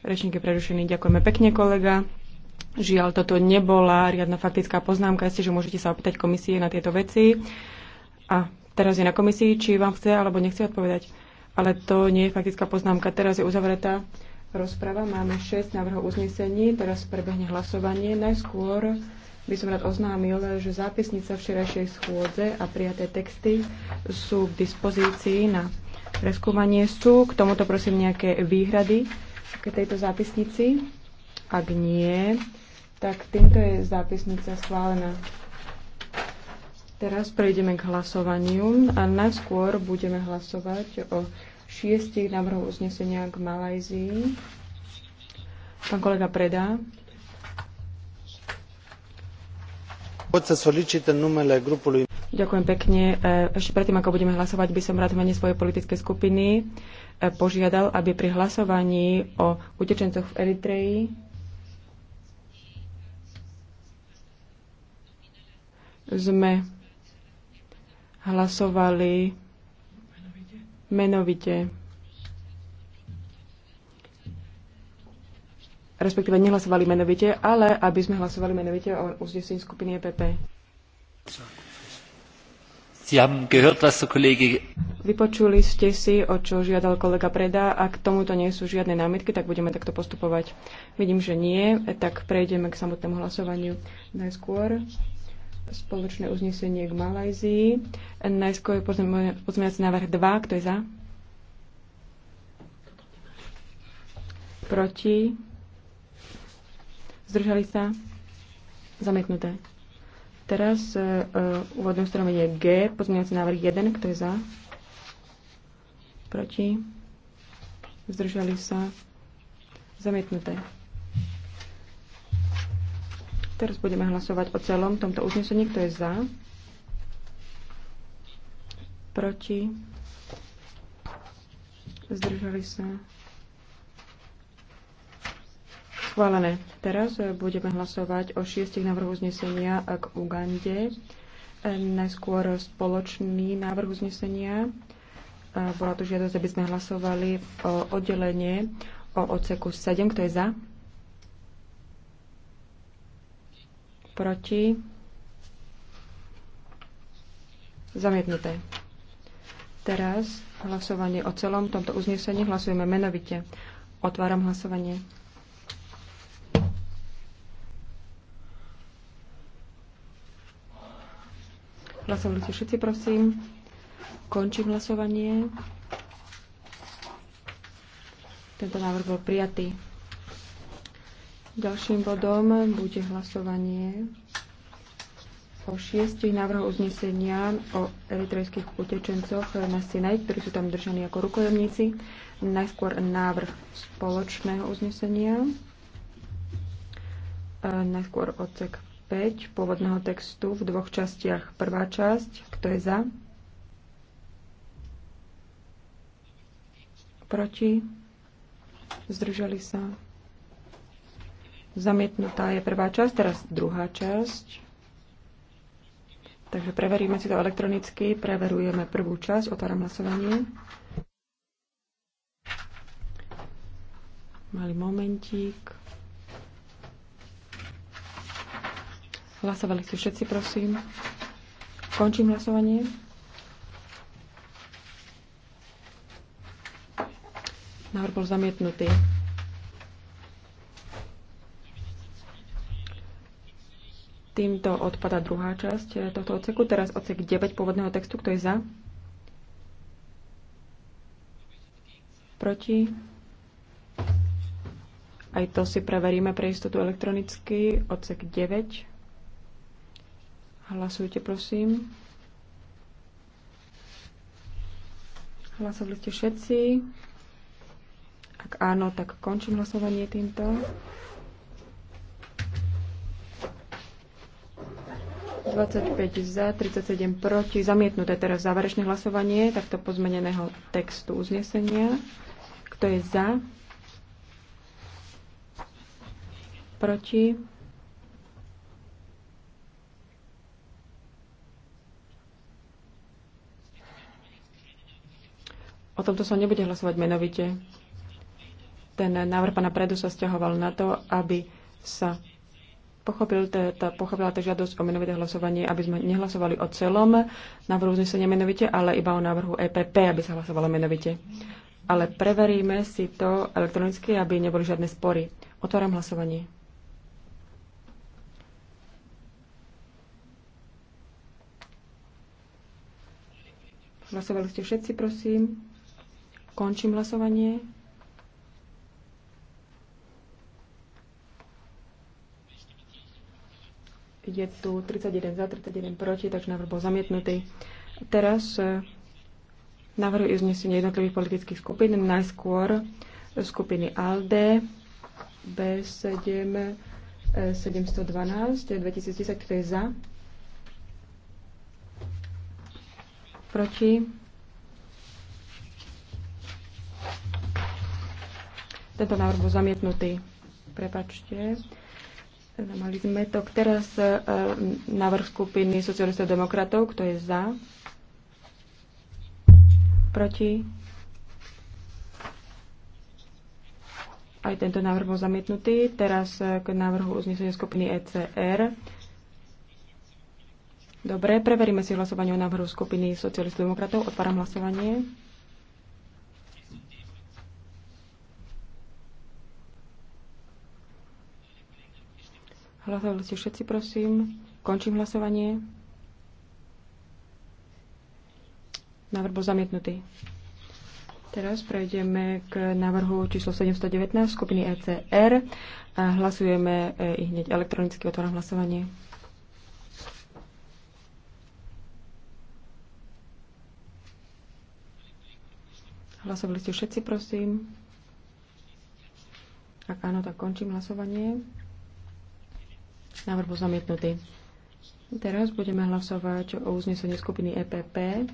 Rečník je prerušený. Ďakujeme pekne, kolega. Žiaľ, toto nebola riadna faktická poznámka. Ste, že môžete sa opýtať komisie na tieto veci. A teraz je na komisii, či vám chce alebo nechce odpovedať. Ale to nie je faktická poznámka. Teraz je uzavretá rozprava. Máme 6 návrhov uznesení. Teraz prebehne hlasovanie. Najskôr by som rád oznámil, že zápisnica včerajšej schôdze a prijaté texty sú k dispozícii na preskúmanie. Sú k tomuto prosím nejaké výhrady? k tejto zápisnici? Ak nie, tak týmto je zápisnica schválená. Teraz prejdeme k hlasovaniu a najskôr budeme hlasovať o šiestich návrhov uznesenia k Malajzii. Pán kolega Preda. Poďte să numele grupului Ďakujem pekne. E, ešte predtým, ako budeme hlasovať, by som rád mene svojej politickej skupiny e, požiadal, aby pri hlasovaní o utečencoch v Eritreji sme hlasovali menovite. Respektíve nehlasovali menovite, ale aby sme hlasovali menovite o uznesení skupiny EPP. Vypočuli ste si, o čo žiadal kolega Preda. Ak k tomuto nie sú žiadne námietky, tak budeme takto postupovať. Vidím, že nie, tak prejdeme k samotnému hlasovaniu najskôr. Spoločné uznesenie k Malajzii. Najskôr je pozmeňací návrh 2. Kto je za? Proti? Zdržali sa? Zamietnuté. Teraz e, e, stranou je G, pozmeňovací návrh 1, kto je za? Proti? Zdržali sa? Zamietnuté. Teraz budeme hlasovať o celom tomto uznesení. Kto je za? Proti? Zdržali sa? Schválené. Teraz e, budeme hlasovať o šiestich návrhu znesenia k Ugande. E, najskôr spoločný návrh znesenia. E, bola tu žiadosť, aby sme hlasovali o oddelenie o odseku 7. Kto je za? Proti? Zamietnuté. Teraz hlasovanie o celom tomto uznesení. Hlasujeme menovite. Otváram hlasovanie. Hlasovali ste všetci, prosím. Končím hlasovanie. Tento návrh bol prijatý. Ďalším bodom bude hlasovanie o šiestich návrhoch uznesenia o eritrejských utečencoch na Sinaj, ktorí sú tam držaní ako rukojemníci. Najskôr návrh spoločného uznesenia, e, najskôr odsek 5 pôvodného textu v dvoch častiach. Prvá časť, kto je za? Proti? Zdržali sa? Zamietnutá je prvá časť, teraz druhá časť. Takže preveríme si to elektronicky. Preverujeme prvú časť. Otváram hlasovanie. Malý momentík. Hlasovali ste všetci, prosím. Končím hlasovanie. Návrh bol zamietnutý. Týmto odpada druhá časť eh, tohto odseku. Teraz odsek 9 pôvodného textu. Kto je za? Proti? Aj to si preveríme pre istotu elektronicky. Odsek 9. Hlasujte, prosím. Hlasovali ste všetci. Ak áno, tak končím hlasovanie týmto. ...25 za, 37 proti. Zamietnuté teraz záverečné hlasovanie takto pozmeneného textu uznesenia. Kto je za? Proti? O tomto sa nebude hlasovať menovite. Ten návrh pana Predu sa stiahoval na to, aby sa pochopil tá, pochopila tá žiadosť o menovité hlasovanie, aby sme nehlasovali o celom návrhu uznesenia menovite, ale iba o návrhu EPP, aby sa hlasovalo menovite. Ale preveríme si to elektronicky, aby neboli žiadne spory. Otváram hlasovanie. Hlasovali ste všetci, prosím. Končím hlasovanie. Je tu 31 za, 31 proti, takže návrh bol zamietnutý. Teraz je uznesenie jednotlivých politických skupín. Najskôr skupiny ALDE B7 712 2010, kto je za? Proti? Tento návrh bol zamietnutý. Prepačte. Mali sme to. Teraz e, návrh skupiny socialistov demokratov. Kto je za? Proti? Aj tento návrh bol zamietnutý. Teraz e, k návrhu uznesenia skupiny ECR. Dobre, preveríme si hlasovanie o návrhu skupiny socialistov demokratov. Otváram hlasovanie. Hlasovali ste všetci, prosím. Končím hlasovanie. Návrh bol zamietnutý. Teraz prejdeme k návrhu číslo 719 skupiny ECR. A hlasujeme e, i hneď elektronicky. Otváram hlasovanie. Hlasovali ste všetci, prosím. Ak áno, tak končím hlasovanie. Návrh bol zamietnutý. Teraz budeme hlasovať o uznesení skupiny EPP.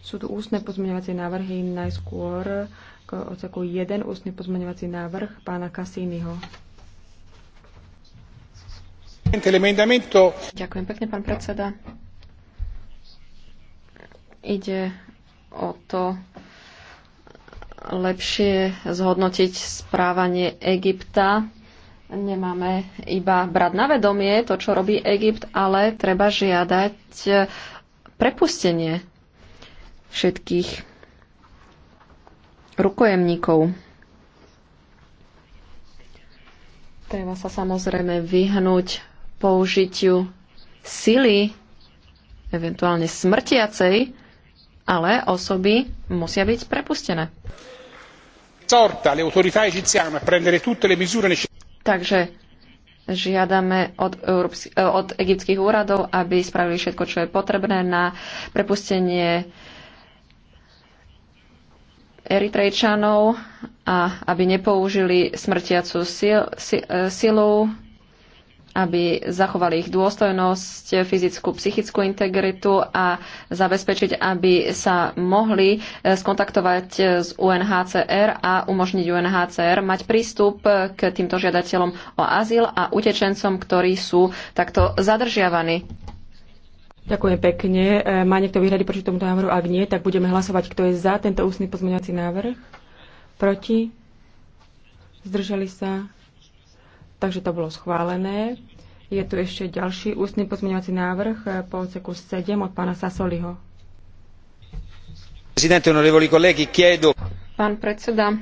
Sú tu ústne pozmeňovacie návrhy najskôr k odseku 1 ústny pozmeňovací návrh pána Cassiniho. Ďakujem pekne, pán predseda. Ide o to lepšie zhodnotiť správanie Egypta nemáme iba brať na vedomie to, čo robí Egypt, ale treba žiadať eh, prepustenie všetkých rukojemníkov. Treba sa samozrejme vyhnúť použitiu sily, eventuálne smrtiacej, ale osoby musia byť prepustené. Sorta le autorità egiziane a prendere tutte le misure necessarie Takže žiadame od, Európsky, eh, od egyptských úradov, aby spravili všetko, čo je potrebné na prepustenie Eritrejčanov a aby nepoužili smrtiacu eh, silu aby zachovali ich dôstojnosť, fyzickú, psychickú integritu a zabezpečiť, aby sa mohli eh, skontaktovať eh, s UNHCR a umožniť UNHCR mať prístup eh, k týmto žiadateľom o azyl a utečencom, ktorí sú takto zadržiavaní. Ďakujem pekne. Má niekto výhrady proti tomuto návrhu? Ak nie, tak budeme hlasovať, kto je za tento ústny pozmeňovací návrh. Proti? Zdržali sa? Takže to bolo schválené. Je tu ešte ďalší ústny pozmeňovací návrh eh, po odseku 7 od pána Sasoliho. Pán predseda,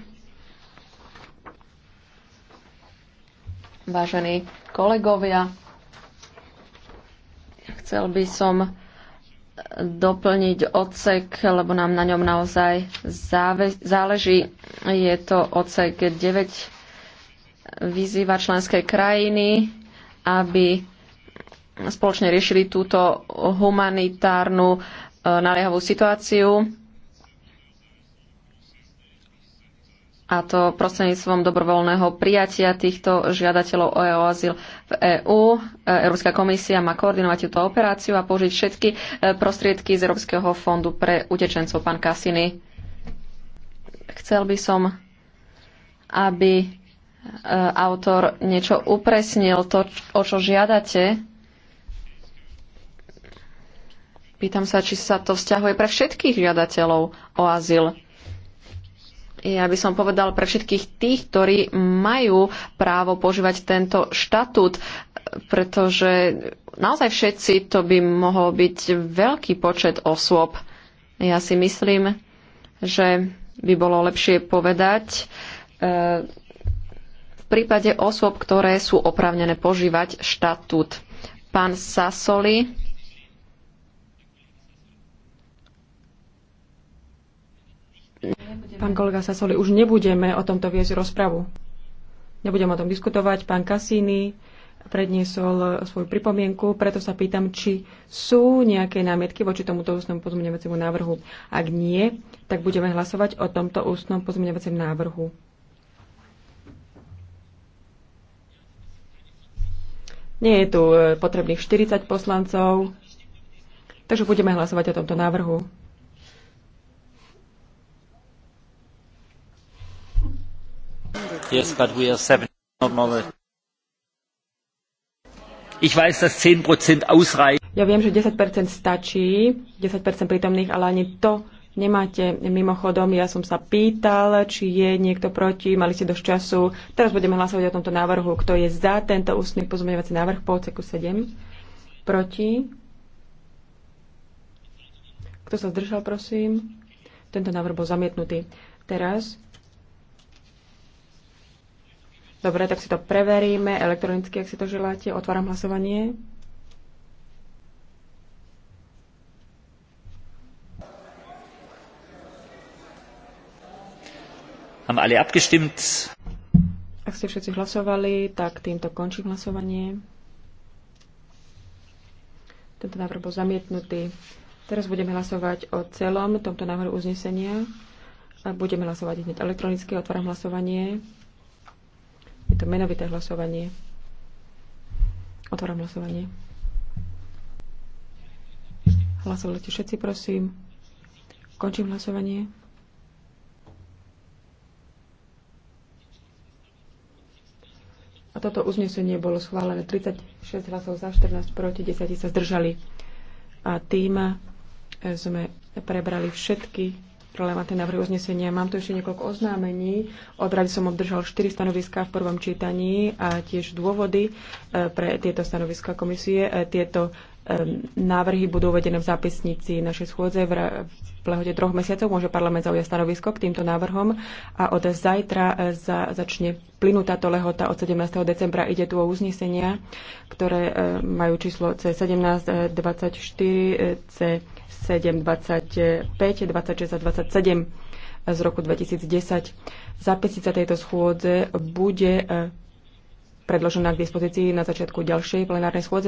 vážení kolegovia, chcel by som doplniť odsek, lebo nám na ňom naozaj záleží. Je to odsek 9. Vyzýva členské krajiny aby spoločne riešili túto humanitárnu e, naliehavú situáciu a to prostredníctvom dobrovoľného prijatia týchto žiadateľov o e, azyl v EÚ. E, Európska komisia má koordinovať túto operáciu a použiť všetky prostriedky z Európskeho fondu pre utečencov. Pán Kasiny, chcel by som, aby E, autor niečo upresnil, to, o čo žiadate. Pýtam sa, či sa to vzťahuje pre všetkých žiadateľov o azyl. Ja by som povedal pre všetkých tých, ktorí majú právo požívať tento štatút, pretože naozaj všetci to by mohol byť veľký počet osôb. Ja si myslím, že by bolo lepšie povedať, e prípade osôb, ktoré sú oprávnené požívať štatút. Pán Sasoli. Pán kolega Sasoli, už nebudeme o tomto viesť rozpravu. Nebudem o tom diskutovať. Pán Kasíny predniesol svoju pripomienku, preto sa pýtam, či sú nejaké námietky voči tomuto ústnom pozmeňovaciemu návrhu. Ak nie, tak budeme hlasovať o tomto ústnom pozmeňovacom návrhu. Nie je tu e, potrebných 40 poslancov, takže budeme hlasovať o tomto návrhu. Yes, but we are seven. Ich weiß, dass 10 ausreichen. Ja viem, že 10% stačí, 10% prítomných, ale ani to nemáte. Mimochodom, ja som sa pýtal, či je niekto proti, mali ste dosť času. Teraz budeme hlasovať o tomto návrhu. Kto je za tento ústny pozmeňovací návrh po odseku 7? Proti? Kto sa zdržal, prosím? Tento návrh bol zamietnutý. Teraz Dobre, tak si to preveríme elektronicky, ak si to želáte. Otváram hlasovanie. Haben alle abgestimmt? Ak ste všetci hlasovali, tak týmto končím hlasovanie. Tento návrh bol zamietnutý. Teraz budeme hlasovať o celom tomto návrhu uznesenia. A budeme hlasovať hneď elektronicky. Otváram hlasovanie. Je to menovité hlasovanie. Otváram hlasovanie. Hlasovali ste všetci, prosím. Končím hlasovanie. toto uznesenie bolo schválené 36 hlasov za, 14 proti, 10 sa zdržali. A tým eh, sme prebrali všetky relevantné návrhy uznesenia. Mám tu ešte niekoľko oznámení. Od rady som obdržal 4 stanoviská v prvom čítaní a tiež dôvody e, pre tieto stanoviská komisie. E, tieto e, návrhy budú uvedené v zápisnici našej schôdze. V plehode troch mesiacov môže parlament zaujať stanovisko k týmto návrhom a od zajtra za, začne plynúť táto lehota od 17. decembra. Ide tu o uznesenia, ktoré majú číslo c 1724 24, C 7, 25, 26 a 27 z roku 2010. Zápisnica tejto schôdze bude eh, predložená k dispozícii na začiatku ďalšej plenárnej schôdze.